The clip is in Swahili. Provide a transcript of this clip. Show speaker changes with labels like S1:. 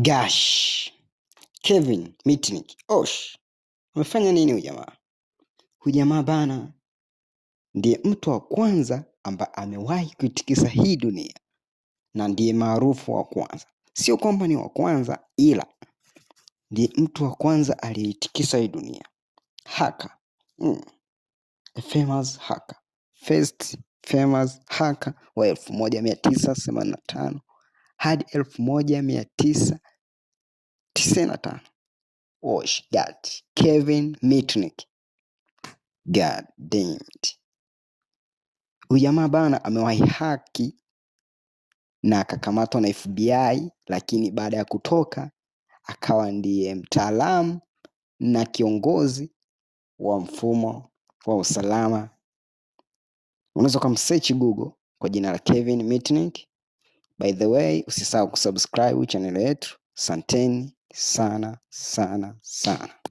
S1: Gash, Kevin Mitnick, Osh. Amefanya nini hujamaa? ujamaa bana, ndiye mtu wa kwanza ambaye amewahi kuitikisa hii dunia na ndiye maarufu wa kwanza. Sio kwamba ni wa kwanza, ila ndiye mtu wa kwanza aliyeitikisa hii dunia. Haka mm. A famous hacker. first famous hacker wa elfu moja mia tisa themanini na tano hadi 1995. Washgat Kevin Mitnick. God damned. Huyu jamaa bana amewahi haki na akakamatwa na FBI, lakini baada ya kutoka akawa ndiye mtaalamu na kiongozi wa mfumo wa usalama. Unaweza ukamsechi Google kwa jina la Kevin Mitnick By the way, usisahau kusubscribe channel yetu. Santeni sana sana sana.